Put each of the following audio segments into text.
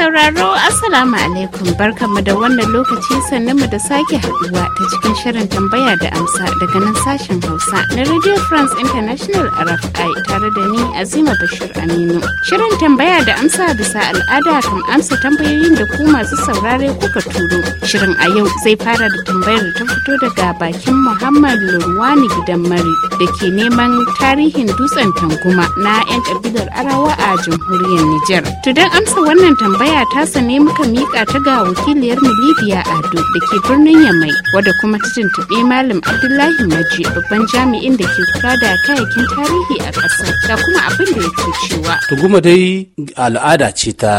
sauraro Assalamu alaikum barkanmu da wannan lokaci sannan mu da sake haduwa ta cikin shirin tambaya da amsa daga nan sashen Hausa na Radio France International RFI tare da ni Azima Bashir Aminu. Shirin tambaya da amsa bisa al'ada kan amsa tambayoyin da ku masu saurare kuka turo. Shirin a yau zai fara da tambayar da ta fito daga bakin Muhammad Lurwani Gidan Mari da ke neman tarihin dutsen Tanguma na 'yan kabilar Arawa a jamhuriyar niger. To don amsa wannan tambaya tambaya ta sane muka mika ta ga wakiliyar Libya Ado da ke birnin Yamai wadda kuma ta tuntuɓe Malam Abdullahi Maji babban jami'in da ke kula da kayakin tarihi a ƙasa da kuma abin da yake cewa. Tuguma dai al'ada ce ta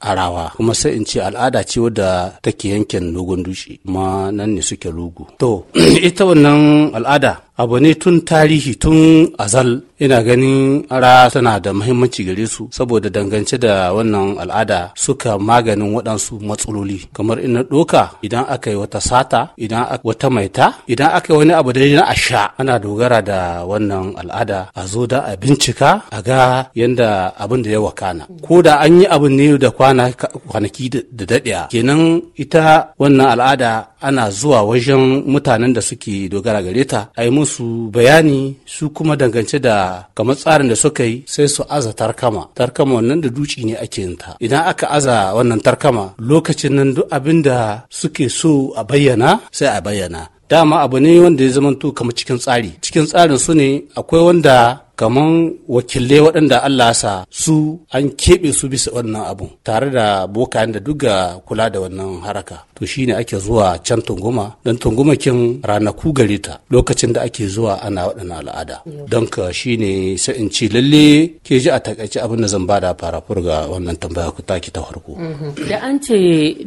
arawa kuma sai in ce al'ada ce wadda take yankin dogon dushi kuma nan ne suke lugu to ita wannan al'ada abu ne tun tarihi tun azal ina ganin ara tana da muhimmanci gare su saboda dangance da wannan al'ada suka maganin waɗansu matsaloli kamar ina doka. idan aka yi wata sata idan aka wata maita idan aka yi wani abu da na asha ana dogara da wannan al'ada a zo da a bincika a ga yanda abin da ya wakana ko da an yi abin ne da kwanaki da daɗiya kenan ita wannan al'ada ana zuwa wajen mutanen da suke dogara gare ta a yi su bayani su kuma dangance da kamar tsarin da suka yi sai su aza tarkama tarkama wannan da duci ne ake yin ta idan aka aza wannan tarkama lokacin nan duk abin da suke so a bayyana sai a bayyana dama abu ne wanda ya zamanto kamar cikin tsari cikin tsarin su ne akwai wanda kamar wakilai waɗanda Allah sa su an keɓe su bisa wannan abu tare da bokayen da duka kula da wannan haraka to shine ake zuwa can tunguma don tunguma kin ranaku gare ta lokacin da ake zuwa ana waɗannan al'ada don ka shine sai in ci lalle ke ji a takaice abin da zan bada fara furga wannan tambaya ku taki ta farko mhm. da an ce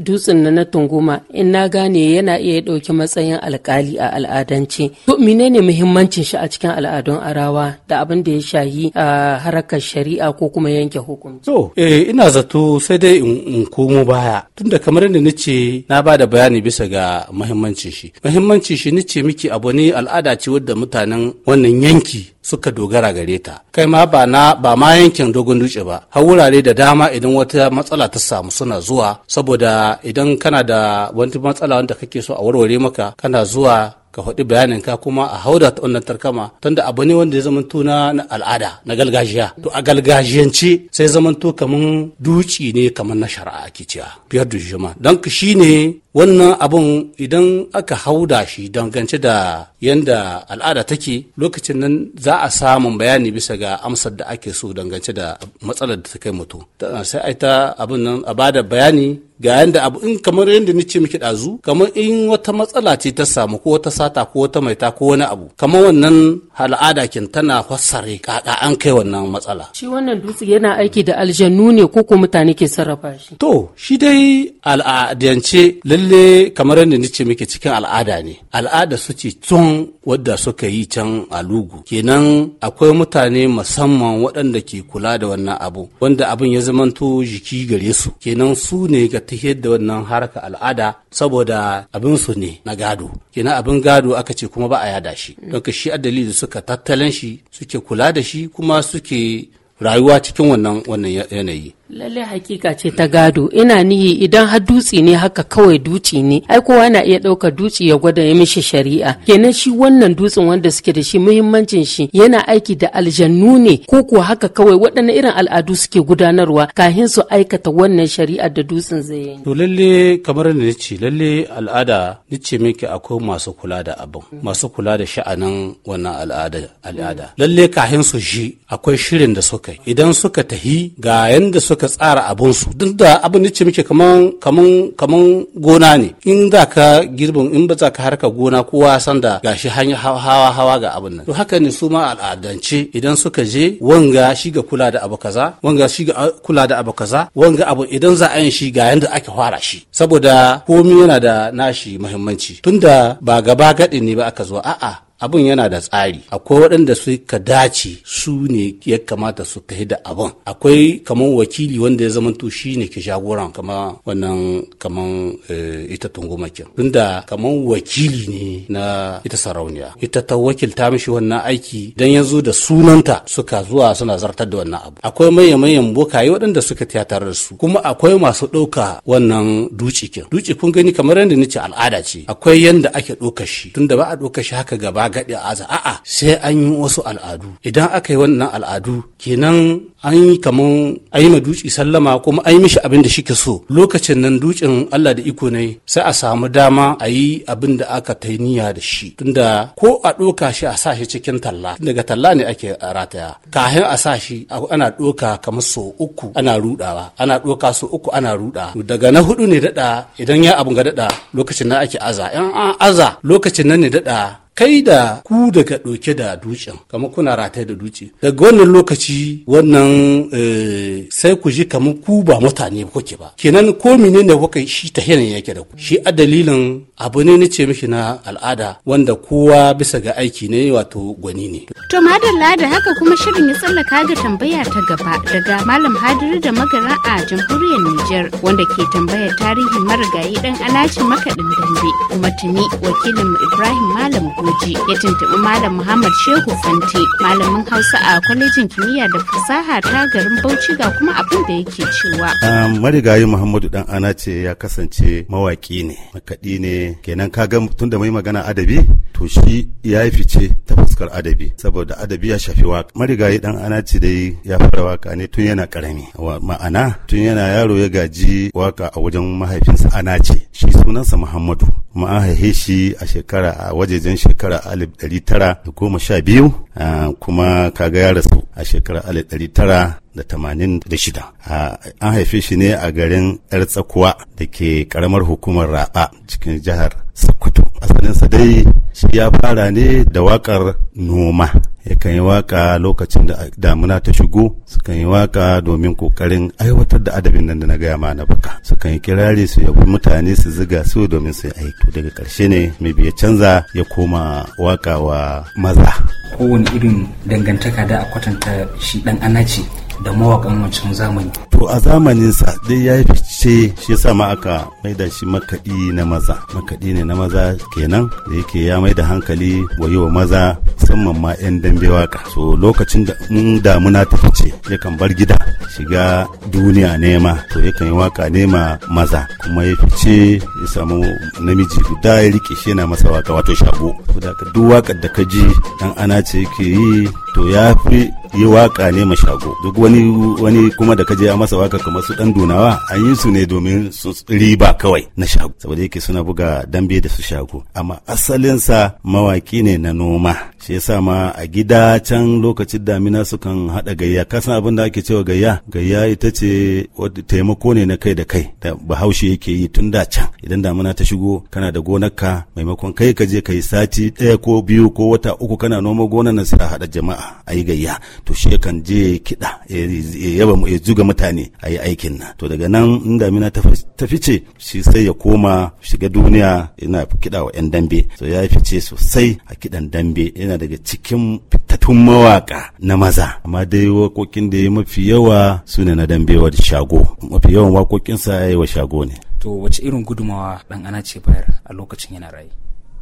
dutsen na na tunguma in na gane yana iya ɗauki matsayin alkali a al'adance to menene muhimmancin shi a cikin al'adun arawa da abin da ya shayi a harkar shari'a ko kuma yanke hukunci. To, eh ina zato sai dai in komo baya tunda kamar yadda nace na ba da bayani bisa ga muhimmancin shi. Muhimmancin shi nace miki abu ne al'ada ce wadda mutanen wannan yanki suka dogara gare ta kai ma ba na ba ma yankin dogon dutse ba har wurare da dama idan wata matsala ta samu suna zuwa saboda idan kana da wani matsala wanda kake so a warware maka kana zuwa ka faɗi bayanin ka kuma a hauda ta wannan tarkama tunda abu ne wanda ya zamanto na al'ada na galgajiya. to a gargajiyance sai zamanto kaman duci ne kaman na shari'a ake cewa fiyar da jima don ka ne. wannan abun idan aka hauda shi dangance da yanda al'ada take lokacin nan za a samun bayani bisa ga amsar da ake so dangance da matsalar da ta kai mutu sai ai ta abin nan a bada bayani ga yanda abu in kamar yadda ni ce miki dazu kamar in wata matsala ce ta samu ko wata sata ko wata maita ko wani abu kamar wannan al'ada kin tana fassare kaka an kai wannan matsala shi wannan dutse yana aiki da aljannu ne ko ko mutane ke sarrafa shi to shi dai al'adance lalle lalle kamar yadda ni ce muke cikin al'ada ne al'ada su ce tun wadda suka yi can a lugu kenan akwai mutane musamman waɗanda ke kula da wannan abu wanda abin ya zamanto jiki gare su kenan su ne ga tahiyar da wannan harka al'ada saboda abin su ne na gado kenan abin gado aka ce kuma ba a yada shi don ka shi adali da suka tattalin shi suke kula da shi kuma suke rayuwa cikin wannan wannan yanayi lalle hakika ce ta gado ina nihi idan har dutse ne haka kawai dutse ne ai kowa na iya ɗaukar dutse ya gwada ya mishi shari'a kenan shi wannan dutsen wanda suke da shi muhimmancin shi yana aiki da aljannu ne ko kuwa haka kawai waɗanne irin al'adu suke gudanarwa kahin su aikata wannan shari'a da dutsen zai yi to lalle kamar da nace lalle al'ada nace miki akwai masu kula da abin masu kula da sha'anin wannan al'ada al'ada lalle kahin su shi akwai shirin da suka idan suka tahi ga yanda suka suka tsara abinsu duk da abin da ce muke kaman kaman kaman gona ne in za ka girbin in ba za ka harka gona kowa san da gashi hanya hawa hawa ga abin nan to haka ne su ma al'adance idan suka je wanga shi ga kula da abu kaza wanga shi ga kula da abu kaza wanga abu idan za a yin shi ga yanda ake fara shi saboda komai yana da nashi muhimmanci tunda ba gaba gadi ne ba aka zo a'a abin yana da tsari akwai waɗanda suka dace su ne ya kamata su kai da abin akwai kamar wakili wanda ya zama to shi ne ke jagoran kama wannan kamar eh, ita tungumakin tunda kamar wakili ne na ita sarauniya ita ta wakilta mishi wannan aiki dan ya da sunanta suka zuwa suna zartar da wannan abu akwai manya manyan bokaye waɗanda suka tiya tare da su kuma akwai masu ɗauka wannan kin. duci kun gani kamar yadda nace al'ada ce akwai yanda ake ɗauka shi tunda ba a ɗauka shi haka gaba gaɗe a aza a'a sai an yi wasu al'adu idan aka yi wannan al'adu kenan an yi kaman a yi ma duci sallama kuma an yi mishi abin da shike so lokacin nan ducin Allah da iko ne sai a samu dama a yi abin da aka ta niyya da shi tunda ko a ɗoka shi a sa shi cikin talla daga talla ne ake rataya kafin a sa shi ana ɗoka kamar so uku ana rudawa ana ɗoka so uku ana ruɗa daga na hudu ne daɗa idan ya abu ga daɗa lokacin nan ake aza in an aza lokacin nan ne daɗa kai da ku daga ɗauke da dutsen kamar kuna rataye da dutse daga wannan lokaci wannan eh, sai ku ji kamar ku ba mutane kuke ba kenan ko mine ne kuka shi ta yanayin yake da ku shi a dalilin abu ne na ce na al'ada wanda kowa bisa ga aiki ne wato gwani ne. to madalla da haka kuma shirin ya tsallaka ga tambaya ta gaba daga malam hadiri da magana a jamhuriyar niger wanda ke tambaya tarihin marigayi dan alhaji makaɗin dambe kuma tuni wakilin ibrahim malam Goji ya tuntuɓi Malam Muhammad Shehu Fante malamin Hausa a kwalejin kimiyya da fasaha ta garin Bauchi ga kuma abin da yake cewa. Ah, marigayi Muhammadu Dan Ana ce ya kasance mawaƙi ne, makaɗi ne, kenan ka ga tun da mai magana adabi to shi ya yi fice ta fuskar adabi saboda adabi ya shafi waƙa Marigayi Dan Ana ce dai ya fara waƙa ne tun yana karami. Ma'ana tun yana yaro ya gaji waƙa a wajen mahaifinsa Ana ce shi sunansa Muhammadu. kuma an haife shi a shekara a wajejen shekara alif ɗari tara da goma sha biyu kuma kaga ya rasu a shekara alif ɗari tara da tamanin da shida an haife shi ne a garin yar tsakuwa da ke karamar hukumar raɓa cikin jihar sokoto asalinsa dai shi ya fara ne da wakar noma yakan yi waka lokacin da damuna ta shigo sukan yi waka domin kokarin aiwatar da adabin nan da na gaya ma na baka sukan yi kirari su yabi mutane su ziga su domin su yi aiki daga karshe ne mai biya canza ya koma waka wa maza kowane irin dangantaka da a kwatanta shi dan anaci da mawakan wancan zamani. To a zamaninsa dai ya fice shi yasa ma aka maida shi makaɗi na maza. Makaɗi ne na maza kenan da yake ya maida hankali wa yi wa maza musamman ma 'yan dambe waka. So lokacin da mun damuna ta fice yakan bar gida shiga duniya nema to yakan yi waka nema maza kuma ya fice ya samu namiji guda ya rike shi yana masa waka wato shago. Duk wakar da ka ji dan ana ce yake yi to ya fi yi waka nema shago. Duk wani wani kuma da kaje a masa waka kamar su dan donawa an yi su ne domin su riba kawai na shago saboda yake suna buga dambe da su shago amma sa mawaki ne na noma shi yasa ma a gida can lokacin damina sukan haɗa gayya kasan abin da ake cewa gayya gayya ita ce taimako ne na kai da kai da bahaushe yake yi tun da can idan damina ta shigo kana da gonarka maimakon kai ka je ka sati ɗaya ko biyu ko wata uku kana noma gonar nan sai haɗa jama'a a yi gayya to shi kan je kiɗa ya yaba ya zuga mutane a yi aikin nan to daga nan in damina ta fice shi sai ya koma shiga duniya yana kiɗa wa 'yan dambe to ya fice sosai a kiɗan dambe yana daga cikin fitattun mawaka na maza amma dai wakokin da ya mafi yawa su ne na dambewa da shago mafi yawan wakokinsa. ya yi wa shago ne to wace irin gudumawa dan ana ce bayar a lokacin yana rayu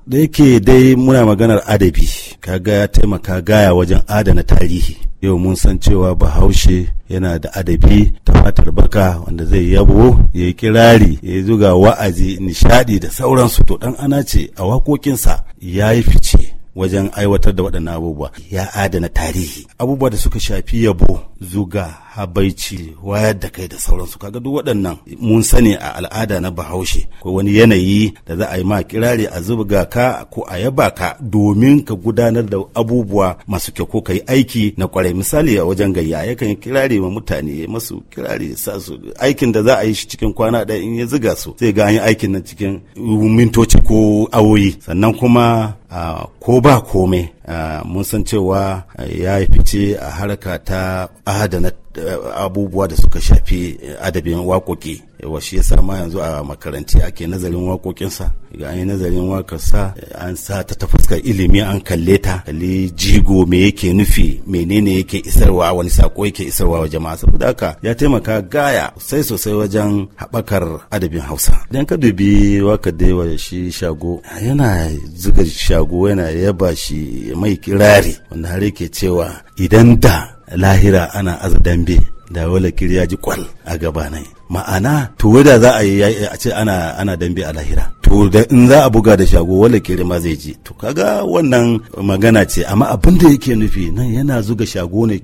da yake dai muna maganar adabi ka ya taimaka gaya wajen adana tarihi yau mun san cewa bahaushe yana da adabi ta fatar baka wanda zai yabo ya yi kirari ya yi zuga wa'azi nishadi da sauransu to dan ana ce a wakokinsa. ya yi fice wajen aiwatar da waɗannan abubuwa ya adana tarihi abubuwa da suka shafi yabo zuga habaici wayar da kai da sauransu kaga duk waɗannan mun sani a al'ada na bahaushe ko wani yanayi da za a yi ma kirare a zubga ka ko a yaba ka domin ka gudanar da abubuwa masu kyau ko ka yi aiki na kwarai misali a wajen gayya yakan yi kirare ma mutane masu kirare sa su aikin da za a yi shi cikin kwana ɗaya in ya ziga su sai ga an yi aikin na cikin mintoci ko awoyi sannan kuma ah, ko ba komai Ah, mun san cewa eh, ya yi fice a harka ta adana eh, abubuwa da suka shafi adabin waƙoƙi yawa shi yasa ma yanzu a makaranti ake nazarin waƙoƙinsa ga an yi nazarin sa. an sa ta ta fuskar ilimi an kalle ta kalli jigo me yake nufi menene yake isarwa wani sako yake isarwa wa jama'a saboda haka ya taimaka gaya sai sosai wajen haɓakar adabin hausa idan ka dubi waka daiwa shi shago yana zuga shago yana yaba shi mai kirari wanda har yake cewa idan da lahira ana azadambe da wala kirya ji kwal a gaba na ma'ana to da za a yi a ce ana ana dambe a lahira to da in za a buga da shago wala kere ma zai ji to kaga wannan magana ce amma abin da yake nufi nan yana zuga shago ne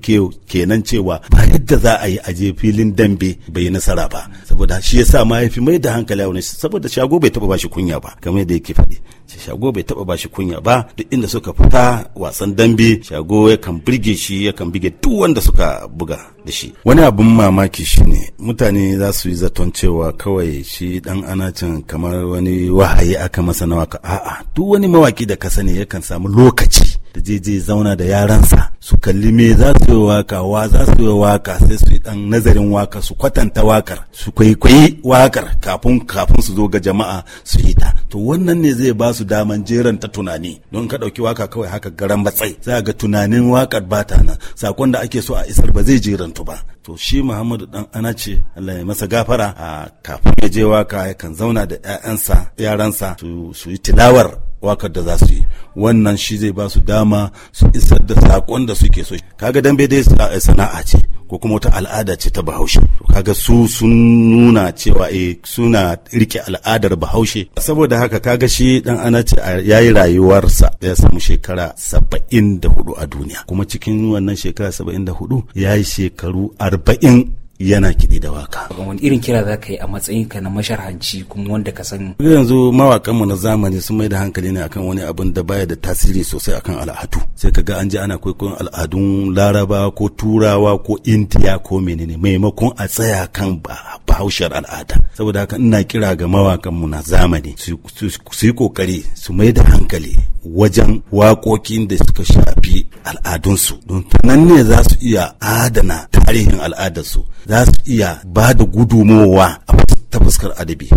kenan cewa ba yadda za a yi aje filin dambe bai yi nasara ba saboda shi yasa ma yafi mai da hankali wani saboda shago bai taba bashi kunya ba kamar yadda yake faɗi shago bai taba bashi kunya ba duk inda suka fita wasan dambe shago yakan burge shi yakan buge duk wanda suka buga da shi wani abin mamaki shine mutane za su yi zaton cewa kawai shi dan anacin kamar wani wahayi aka masa nawa waka a'a duk wani mawaki da ka sani yakan samu lokaci da zai je zauna da yaransa su kalli me za su yi waka wa za su yi waka sai su yi dan nazarin waka su kwatanta wakar su kwaikwayi wakar kafin kafin su zo ga jama'a su yi ta to wannan ne zai ba su daman jeran ta tunani don ka dauki waka kawai haka garan batsai za ga tunanin wakar ba ta nan sakon da ake so a isar ba zai jerantu ba to shi Muhammadu dan ana ce Allah ya masa gafara a kafin ya je waka kan zauna da ƴaƴansa yaransa su yi tilawar wakar da za su yi wannan shi zai ba su dama su isar da sakon da suke so kaga dambe dai eh, sana'a ce ko kuma wata al'ada ce ta bahaushe kaga su sun nuna cewa e suna rike al'adar bahaushe saboda haka kaga shi dan anace ya yi rayuwarsa ya samu shekara saba'in a duniya kuma cikin wannan shekara saba'in da ya yi shekaru arba'in yana kiɗi da waka. wani irin kira za ka yi a matsayinka na masharhanci kuma wanda ka san. yanzu mawakanmu na zamani sun mai da hankali ne akan wani abin da baya da tasiri sosai akan al'adu sai ka ga an ji ana kwaikwayon al'adun laraba ko turawa ko intiya ko menene maimakon a tsaya kan ba. bahaushiyar al'ada saboda haka ina kira ga mawakanmu na zamani su yi kokari su mai da hankali wajen waƙoƙin da suka shafi al'adunsu don tunan ne za su iya adana tarihin al'adarsu za su iya ba da gudumowa a ta fuskar adabi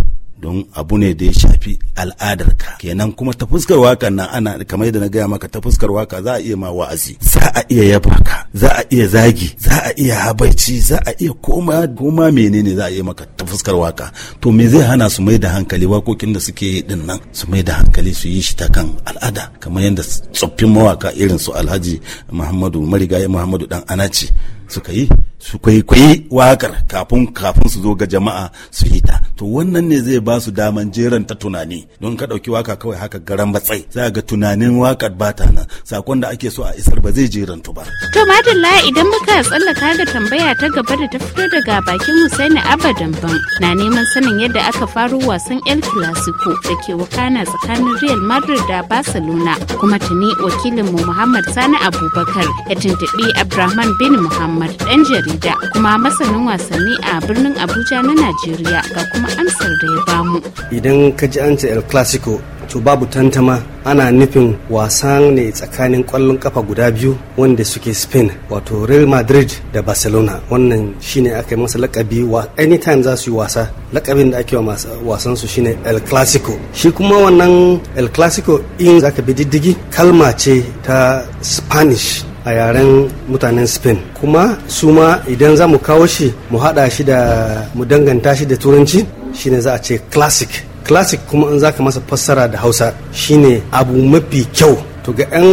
don abu ne da ya shafi al'adarka kenan kuma ta fuskar waka na ana kamar yadda na gaya maka ta fuskar waka za a iya ma wa'azi za a iya yaba ka za a iya zagi za a iya habaici za a iya koma goma menene za a iya maka ta fuskar waka to me zai hana su mai da hankali wakokin da suke yi din nan su mai da hankali su yi shi ta kan al'ada kamar yadda tsoffin mawaka irin su alhaji muhammadu marigayi muhammadu dan anaci suka yi su kwaikwayi wakar kafin kafin su zo ga jama'a su yi ta to wannan ne zai ba su daman jeran ta tunani don ka ɗauki waka kawai haka garan batsai za ga tunanin wakar ba ta nan sakon da ake so a isar ba zai jerantu ba. to madalla idan muka tsallaka ga tambaya ta gaba da ta fito daga bakin husaini Abba ban na neman sanin yadda aka faro wasan el clasico da ke wakana tsakanin real madrid da barcelona kuma tuni mu muhammad sani abubakar ya tuntuɓi abdulrahman bin muhammad dan jari Abuja kuma masanin wasanni a birnin Abuja na Najeriya ga kuma amsar da ya bamu. Idan ka ji an ce El Clasico to babu tantama ana nufin wasa ne tsakanin kwallon kafa guda biyu wanda suke spain wato real madrid da barcelona wannan shine aka masa lakabi wa anytime za su yi wasa lakabin da ake wasan su shine el clasico shi kuma wannan el clasico in zaka bi diddigi kalma ce ta spanish a yaren mutanen spain kuma su ma idan za mu kawo shi mu hada shi da mu danganta shi da turanci shine za a ce classic classic kuma in za ka masa fassara da hausa shine abu mafi kyau to ga 'yan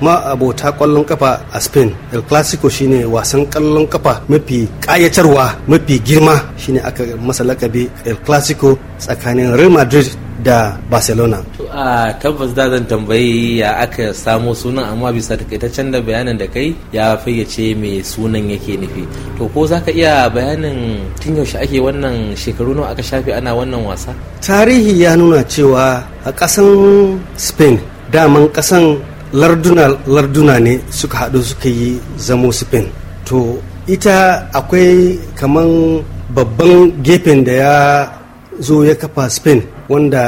ma'abota kwallon kafa a spain el clasico shine wasan kwallon kafa mafi kayatarwa mafi girma shine aka masa lakabi el clasico tsakanin real madrid da barcelona to a tabbas da zan tambayi ya aka samo sunan amma bisa takaitaccen da bayanin da kai ya fayyace mai sunan yake nufi to ko za ka iya bayanin tun yaushe ake wannan shekaru nawa aka shafe ana wannan wasa tarihi ya nuna cewa a ƙasan spain daman ƙasan larduna larduna ne suka haɗu suka yi zamo spain to ita akwai kaman babban gefen da ya zo ya kafa spain wanda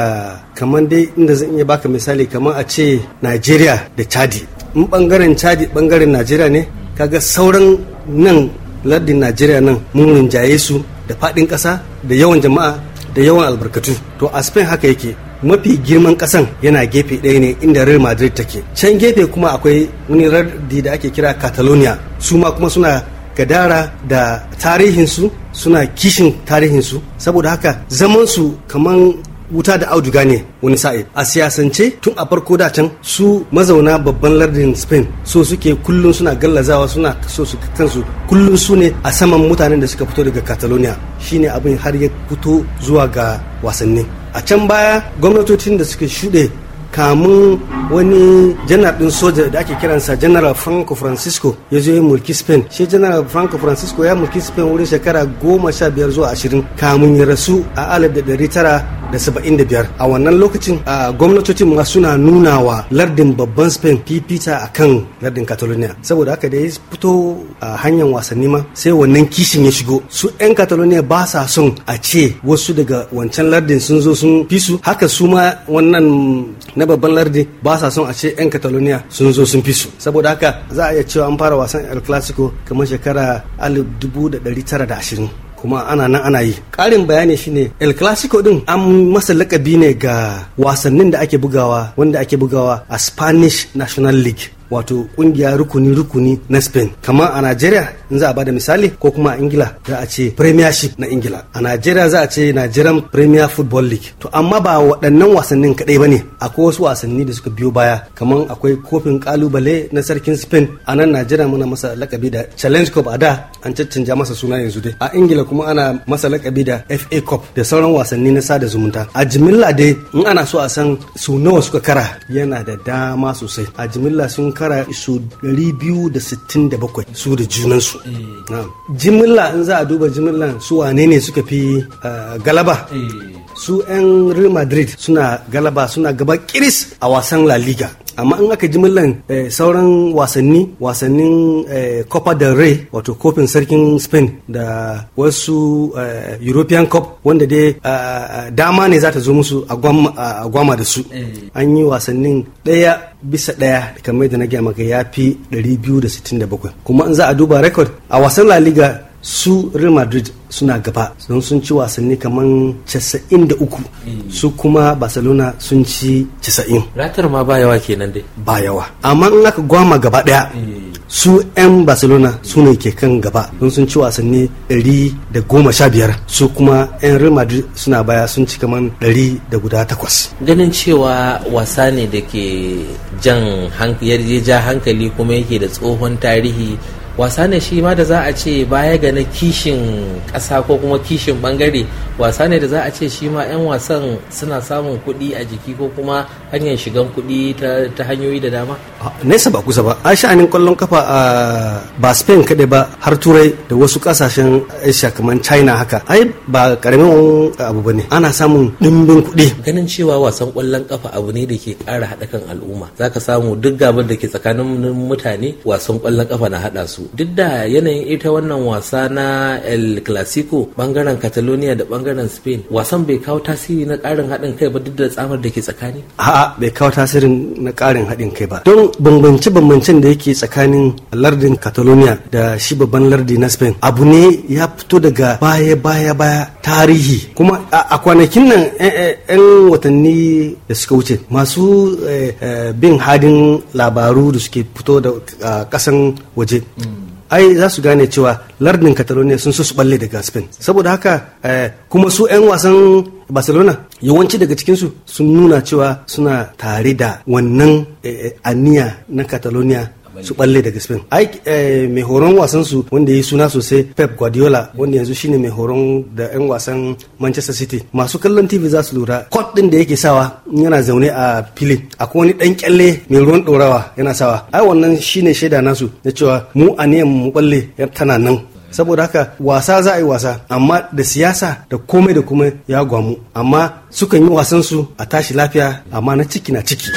kamar dai inda zan iya baka misali kamar a ce najeriya da chadi in bangaren chadi bangaren najeriya ne kaga sauran nan lardin najeriya nan mun rinjaye su da faɗin ƙasa da yawan jama'a da yawan albarkatu to a spain haka yake mafi girman kasan yana gefe ɗaya ne inda real madrid take can gefe kuma akwai wani lardi da ake kira catalonia su ma kuma suna gadara da tarihinsu suna kishin tarihinsu saboda haka zamansu kaman wuta da auduga ne wani sa'i a siyasance tun a farko da can su mazauna babban lardin spain so suke kullum suna gallazawa suna so su kansu kullum su ne a saman mutanen da suka fito daga catalonia shine abin har ya fito zuwa ga wasanni a can baya gwamnatocin da suka shuɗe kamun wani janar din soja da ake kiransa general franco francisco ya zo mulki spain shi general franco francisco ya mulki spain wurin shekara goma sha biyar zuwa ashirin kamun ya rasu a alif da dari tara da saba'in da biyar a wannan lokacin a gwamnatocin ma suna nuna wa lardin babban spain pipita a kan lardin catalonia saboda haka da ya fito a hanyar wasanni ma sai wannan kishin ya shigo su 'yan catalonia ba sa son a ce wasu daga wancan lardin sun zo sun fi su haka su ma wannan na babban lardi ba sa son a ce 'yan kataloniya sun zo sun fi su saboda haka za a iya cewa an fara wasan el clasico kamar shekara 1920 kuma ana nan ana yi ƙarin bayani shine el clasico din an masa lakabi ne ga wasannin da ake bugawa wanda ake bugawa a spanish national league wato kungiya rukuni-rukuni na spain kamar a nigeria in za a bada misali ko kuma a ingila za a ce premiership na ingila a nigeria za a ce nigerian premier football league to amma ba waɗannan wasannin kaɗai ba ne akwai wasu wasanni da suka biyo baya kamar akwai kofin kalubale na sarkin spain a nan nigeria muna masa lakabi da challenge cup a da an caccanja masa suna yanzu dai a ingila kuma ana masa lakabi da fa cup da sauran wasanni na sada zumunta a jimilla dai in ana so a san su nawa suka kara yana da dama sosai a jimilla sun sittin su 267 su da junansu jimilla in za a duba jimilla su wane ne suka fi ah, galaba eh. su 'yan real madrid suna galaba suna gaba kiris a wasan la liga amma in aka ji millan eh, sauran wasanni wasannin eh, copa del rey wato kofin sarkin spain da wasu eh, european cup wanda dai dama ne za ta zo musu a gwama da su an yi wasannin daya bisa ɗaya kamar da na gaya maka ya fi 267 kuma in za a duba record a wasan la liga su real madrid suna gaba don sun ci wasanni kamar 93 hmm. su kuma barcelona sun ci 90 ratar ma ba yawa kenan dai ba yawa amma in aka gwama gaba daya hmm. su 'yan barcelona su ne ke kan gaba don sun ci wasanni 115 su kuma 'yan real madrid suna baya sun ci kamar 108 ganin cewa wasa ne da ke jan hankali kuma yake da tsohon tarihi wasa ne shi ma da za a ce baya ga na kishin ƙasa ko kuma kishin bangare wasa ne da za a ce shi ma 'yan wasan suna samun kuɗi a jiki ko kuma hanyar shigan kuɗi ta hanyoyi da dama? nesa ba kusa ba a sha'anin kwallon kafa a ba spain kaɗai ba har turai da wasu ƙasashen asia kamar china haka ai ba karamin abu ba ne ana samun ɗimbin kuɗi ganin cewa wasan kwallon kafa abu ne da ke ƙara haɗa kan al'umma zaka samu duk gabar da ke tsakanin mutane wasan kwallon kafa na haɗa su duk da yanayin ita wannan wasa na el clasico ɓangaren catalonia da ɓangaren spain wasan bai kawo tasiri na ƙarin haɗin kai ba duk da tsamar da ke tsakani a'a a bai kawo tasirin na karin haɗin kai ba don bambance-bambancen da yake tsakanin lardin catalonia da shi babban lardi na spain abu ne ya fito daga baya-baya-baya tarihi kuma a kwanakin nan eh, eh, 'yan watanni da suka wuce masu eh, bin hadin labaru da suke fito da kasan waje ai za su gane cewa lardin catalonia sun so su balle daga spain saboda haka kuma su 'yan wasan barcelona yawanci daga cikinsu sun nuna cewa suna tare da wannan eh, eh, aniya na catalonia su balle daga spain ai eh, mai horon wasansu su wanda ya suna sosai pep guardiola wanda yanzu shine mai horon da yan wasan manchester city masu kallon tv za su lura kot din da yake sawa yana zaune a fili akwai wani dan kyalle mai ruwan dorawa yana sawa ai wannan shine shaida nasu na cewa mu aniyan mu balle tana nan saboda haka wasa za a yi wasa amma da siyasa da komai da kuma ya gwamu amma sukan yi wasansu a tashi lafiya amma na ciki na ciki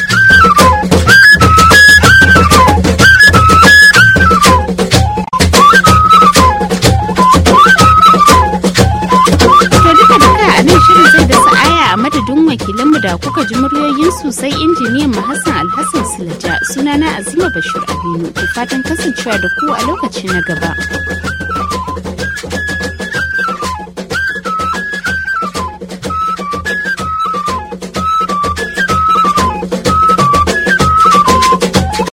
wakilanmu da kuka ji muryoyin sosai injiniyan mu Hassan Alhassan Silaja sunana Azima Bashir Aminu ku fatan kasancewa da ku a lokaci na gaba.